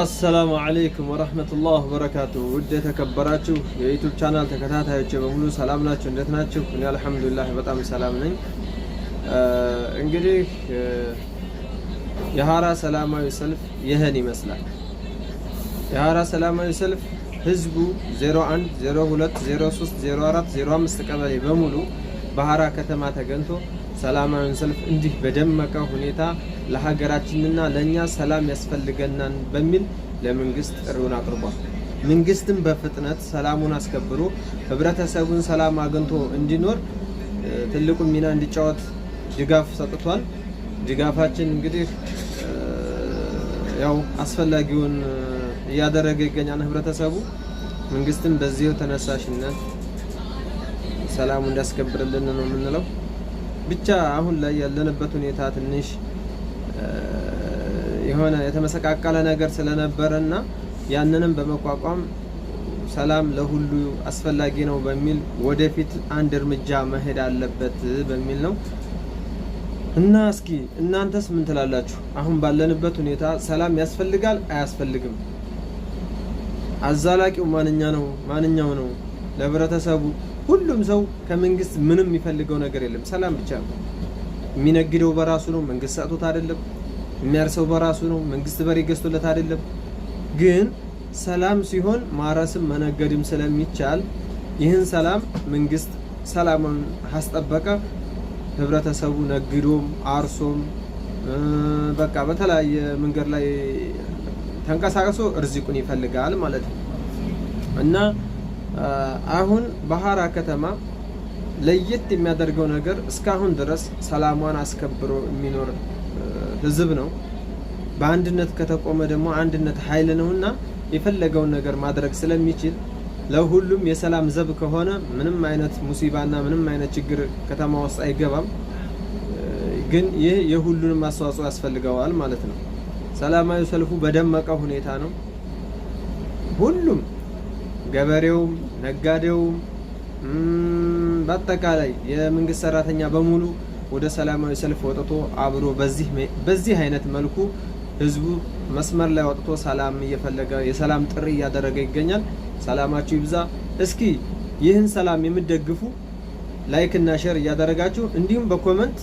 አሰላሙ አለይኩም ወረህመቱላህ ወበረካቱ። ውድ የተከበራችሁ የዩቱብ ቻናል ተከታታዮች በሙሉ ሰላም ናችሁ? እንዴት ናችሁ? እኔ አልሐምዱሊላህ በጣም ሰላም ነኝ። እንግዲህ የሀራ ሰላማዊ ሰልፍ ይህን ይመስላል። የሀራ ሰላማዊ ሰልፍ ህዝቡ 01፣ 02፣ 03፣ 04፣ 05 ቀበሌ በሙሉ በሀራ ከተማ ተገኝቶ። ሰላማዊን ሰልፍ እንዲህ በደመቀ ሁኔታ ለሀገራችንና ለእኛ ሰላም ያስፈልገናን በሚል ለመንግስት ጥሪውን አቅርቧል። መንግስትም በፍጥነት ሰላሙን አስከብሮ ህብረተሰቡን ሰላም አግኝቶ እንዲኖር ትልቁን ሚና እንዲጫወት ድጋፍ ሰጥቷል። ድጋፋችን እንግዲህ ያው አስፈላጊውን እያደረገ ይገኛል። ህብረተሰቡ መንግስትም በዚህ ተነሳሽነት ሰላሙ እንዲያስከብርልን ነው የምንለው። ብቻ አሁን ላይ ያለንበት ሁኔታ ትንሽ የሆነ የተመሰቃቀለ ነገር ስለነበረና ያንንም በመቋቋም ሰላም ለሁሉ አስፈላጊ ነው በሚል ወደፊት አንድ እርምጃ መሄድ አለበት በሚል ነው። እና እስኪ እናንተስ ምን ትላላችሁ? አሁን ባለንበት ሁኔታ ሰላም ያስፈልጋል አያስፈልግም? አዛላቂው ማንኛ ነው ማንኛው ነው ለህብረተሰቡ ሁሉም ሰው ከመንግስት ምንም የሚፈልገው ነገር የለም፣ ሰላም ብቻ ነው። የሚነግደው በራሱ ነው፣ መንግስት ሰጥቶት አይደለም። የሚያርሰው በራሱ ነው፣ መንግስት በሬ ገዝቶለት አይደለም። ግን ሰላም ሲሆን ማረስም መነገድም ስለሚቻል ይህን ሰላም መንግስት ሰላሙን አስጠበቀ፣ ህብረተሰቡ ነግዶም አርሶም በቃ በተለያየ መንገድ ላይ ተንቀሳቅሶ እርዚቁን ይፈልጋል ማለት ነው እና አሁን ባህራ ከተማ ለየት የሚያደርገው ነገር እስካሁን ድረስ ሰላሟን አስከብሮ የሚኖር ህዝብ ነው። በአንድነት ከተቆመ ደግሞ አንድነት ኃይል ነውና የፈለገውን ነገር ማድረግ ስለሚችል ለሁሉም የሰላም ዘብ ከሆነ ምንም አይነት ሙሲባና ምንም አይነት ችግር ከተማ ውስጥ አይገባም። ግን ይህ የሁሉንም አስተዋጽኦ ያስፈልገዋል ማለት ነው። ሰላማዊ ሰልፉ በደመቀ ሁኔታ ነው ሁሉም ገበሬውም፣ ነጋዴውም በአጠቃላይ የመንግስት ሰራተኛ በሙሉ ወደ ሰላማዊ ሰልፍ ወጥቶ አብሮ በዚህ አይነት መልኩ ህዝቡ መስመር ላይ ወጥቶ ሰላም እየፈለገ የሰላም ጥሪ እያደረገ ይገኛል። ሰላማችሁ ይብዛ። እስኪ ይህን ሰላም የምትደግፉ ላይክ እና ሼር እያደረጋችሁ እንዲሁም በኮመንት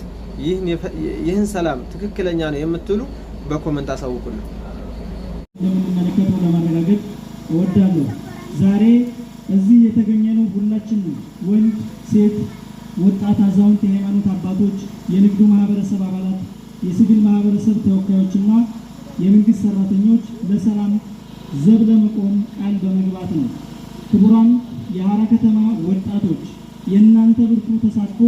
ይህን ሰላም ትክክለኛ ነው የምትሉ በኮመንት አሳውቁልን። ለማረጋገጥ እወዳለሁ። ዛሬ እዚህ የተገኘነው ነው። ወንድ፣ ሴት፣ ወጣት፣ አዛውንት፣ የሃይማኖት አባቶች፣ የንግዱ ማህበረሰብ አባላት፣ የሲቪል ማህበረሰብ ተወካዮችና የመንግስት ሰራተኞች ለሰላም ዘብ ለመቆም ቃል በመግባት ነው። ክቡራን የሀራ ከተማ ወጣቶች የእናንተ ብርቱ ተሳትፎ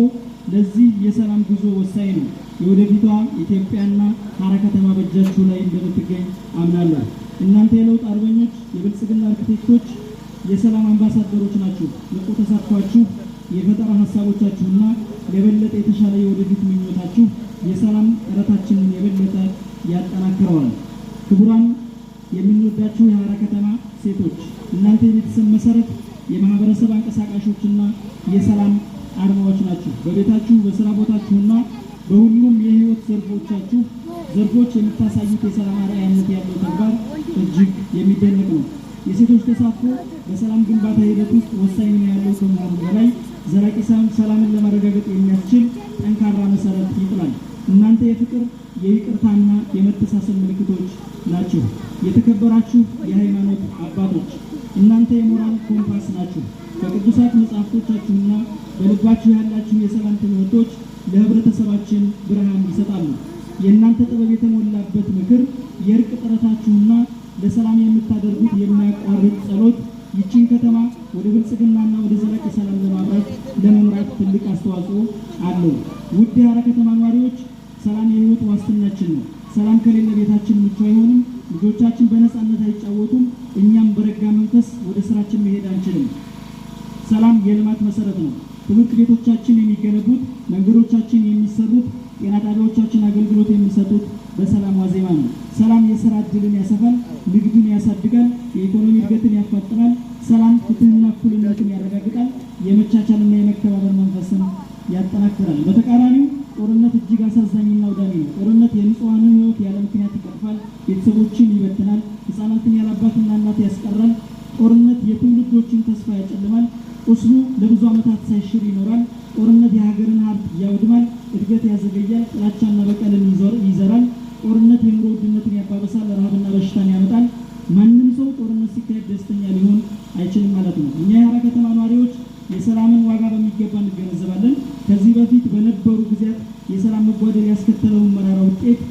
ለዚህ የሰላም ጉዞ ወሳኝ ነው። የወደፊቷ ኢትዮጵያና ሀራ ከተማ በእጃችሁ ላይ እንደምትገኝ አምናለሁ። እናንተ የለውጥ አርበኞች፣ የብልጽግና አርክቴክቶች የሰላም አምባሳደሮች ናችሁ። ንቁ ተሳትፏችሁ፣ የፈጠራ ሀሳቦቻችሁና የበለጠ የተሻለ የወደፊት ምኞታችሁ የሰላም ጥረታችንን የበለጠ ያጠናክረዋል። ክቡራን፣ የምንወዳችሁ የሀራ ከተማ ሴቶች፣ እናንተ የቤተሰብ መሰረት፣ የማህበረሰብ አንቀሳቃሾችና የሰላም አርማዎች ናችሁ። በቤታችሁ በስራ ቦታችሁና በሁሉም የህይወት ዘርፎቻችሁ ዘርፎች የምታሳዩት የሰላም አርአያነት ያለው ተግባር እጅግ የሚደነቅ ነው። የሴቶች ተሳትፎ በሰላም ግንባታ ሂደት ውስጥ ወሳኝ ሚና ያለው ከመሆኑ በላይ ዘላቂ ሰላምን ለማረጋገጥ የሚያስችል ጠንካራ መሰረት ይጥላል። እናንተ የፍቅር የይቅርታና የመተሳሰብ ምልክቶች ናችሁ። የተከበራችሁ የሃይማኖት አባቶች እናንተ የሞራል ኮምፓስ ናችሁ። በቅዱሳት መጽሐፍቶቻችሁና በልባችሁ ያላችሁ የሰላም ትምህርቶች ለህብረተሰባችን ብርሃን ይሰጣሉ። የእናንተ ጥበብ የተሞላበት ምክር የእርቅ ጥረታችሁና ለሰላም የምታደርጉት የማያቋርጥ ጸሎት ይችን ከተማ ወደ ብልጽግናና ወደ ዘላቂ ሰላም ለማምራት ለመምራት ትልቅ አስተዋጽኦ አለው። ውድ የሀራ ከተማ ነዋሪዎች፣ ሰላም የህይወት ዋስትናችን ነው። ሰላም ከሌለ ቤታችን ምቹ አይሆንም፣ ልጆቻችን በነፃነት አይጫወቱም፣ እኛም በረጋ መንፈስ ወደ ስራችን መሄድ አንችልም። ሰላም የልማት መሰረት ነው። ትምህርት ቤቶቻችን የሚገነቡት፣ መንገዶቻችን የሚሰሩት ጤና ጣቢያዎቻችን አገልግሎት የሚሰጡት በሰላም ዋዜማ ነው። ሰላም የስራ እድልን ያሰፋል፣ ንግዱን ያሳድጋል፣ የኢኮኖሚ እድገትን ያፋጥናል። ሰላም ፍትህና እኩልነትን ያረጋግጣል፣ የመቻቻልና የመከባበር መንፈስን ያጠናክራል። በተቃራኒው ጦርነት እጅግ አሳዛኝና አውዳሚ ነው። ጦርነት የንጹሐንን ህይወት ያለ ምክንያት ይቀጥፋል፣ ቤተሰቦችን ይበትናል፣ ህጻናትን ያላባትና እናት ያስቀራል። ጦርነት የትውልዶችን ተስፋ ያጨልማል፣ ቁስሉ ለብዙ ዓመታት ሳይሽር ይኖራል። ጦርነት የሀገርን ሀብት ያወድማል። እድገት ያዘገያል፣ ጥላቻና በቀልን ይዘራል፣ ጦርነት የኑሮ ውድነትን ያባበሳል፣ ረሃብና በሽታን ያመጣል። ማንም ሰው ጦርነት ሲካሄድ ደስተኛ ሊሆን አይችልም ማለት ነው። እኛ የሀራ ከተማ ነዋሪዎች የሰላምን ዋጋ በሚገባ እንገነዘባለን። ከዚህ በፊት በነበሩ ጊዜያት የሰላም መጓደል ያስከተለውን መራራ ውጤት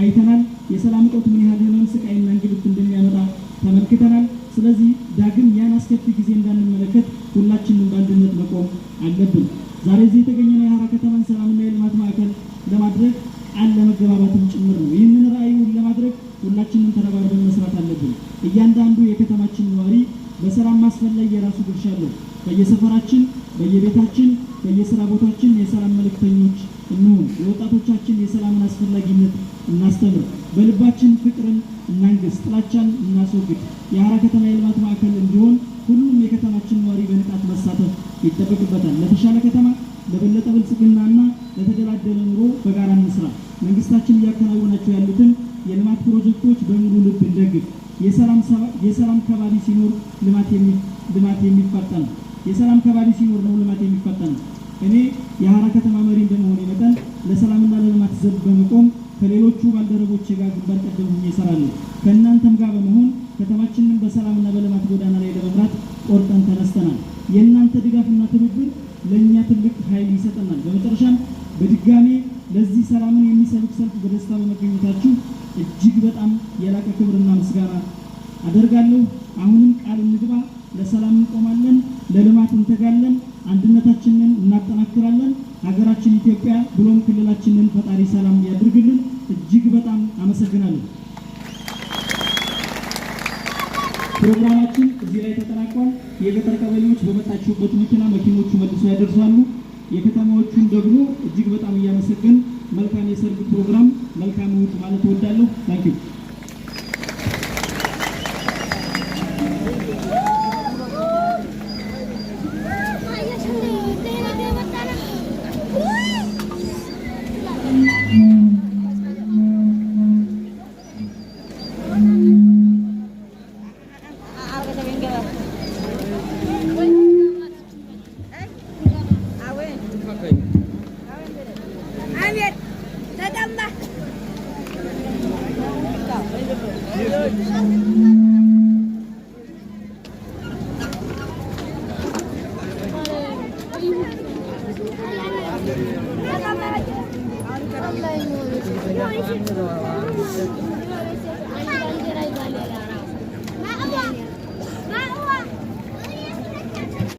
አይተናል። የሰላም እጦት ምን ያህል ህመም፣ ስቃይና እንግልት እንደሚያመጣ ተመልክተናል። ስለዚህ ዳግም ያን አስከፊ ጊዜ እንዳንመለከት ሁላችንም በአንድነት መቆም አለብን። ዛሬ እዚህ የተገኘነው የሀራ ከተማን ሰላምና የልማት ማዕከል ለማድረግ አለ መገባባትም ጭምር ነው። ይህንን ራዕዩን ለማድረግ ሁላችንም ተረባርበን መስራት አለብን። እያንዳንዱ የከተማችን ነዋሪ በሰላም ማስፈለግ የራሱ ድርሻ አለው። በየሰፈራችን፣ በየቤታችን፣ በየስራ ቦታችን የሰላም መልእክተኞች እንሁን። የወጣቶቻችን የሰላምን አስፈላጊነት እናስተምር። በልባችን ፍቅርን እናንግስ፣ ጥላቻን እናስወግድ። የሀራ ከተማ የልማት ማዕከል እንዲሆን ሁሉም የከተማችን ነዋሪ በንቃት መሳተፍ ይጠበቅበታል። ለተሻለ ከተማ፣ ለበለጠ ብልጽግናና ለተደላደለ ኑሮ በጋራ እንስራ። መንግስታችን እያከናወናቸው ያሉትን የልማት ፕሮጀክቶች በሙሉ ልብ እንደግፍ። የሰላም ከባቢ ሲኖር ልማት የሚፋጠን ነው። የሰላም ከባቢ ሲኖር ነው ልማት የሚፋጠን ነው። እኔ የሀራ ከተማ መሪ እንደመሆን መጠን ለሰላምና ለልማት ዘብ በመቆም ከሌሎቹ ባልደረቦች ጋር ግንባር ቀደም ሆኜ እሰራለሁ። ከእናንተም ጋር በመሆን ከተማችንን በሰላምና በልማት ጎዳና ላይ ለመምራት ቆርጠን ተነስተናል። የእናንተ ድጋፍና ትብብር ለእኛ ትልቅ ኃይል ይሰጠናል። በመጨረሻም በድጋሜ ለዚህ ሰላምን የሚሰብክ ሰልፍ በደስታ በመገኘታችሁ እጅግ በጣም የላቀ ክብርና ምስጋና አደርጋለሁ። አሁንም ቃል እንግባ፣ ለሰላም እንቆማለን፣ ለልማት እንተጋለን፣ አንድነታችንን እናጠናክራለን። ሀገራችን ኢትዮጵያ ብሎም ክልላችንን ፈጣሪ ሰላም ያድርግልን። እጅግ በጣም አመሰግናለሁ። ፕሮግራማችን እዚህ ላይ ተጠናቋል። የገጠር ቀበሌዎች በመጣችሁበት መኪና መኪኖቹ መልሶ ያደርሳሉ። የከተማዎቹን ደግሞ እጅግ በጣም እያመሰገን መልካም የሰርግ ፕሮግራም መልካም ውጥ ማለት እወዳለሁ። ታንኪዩ ああ。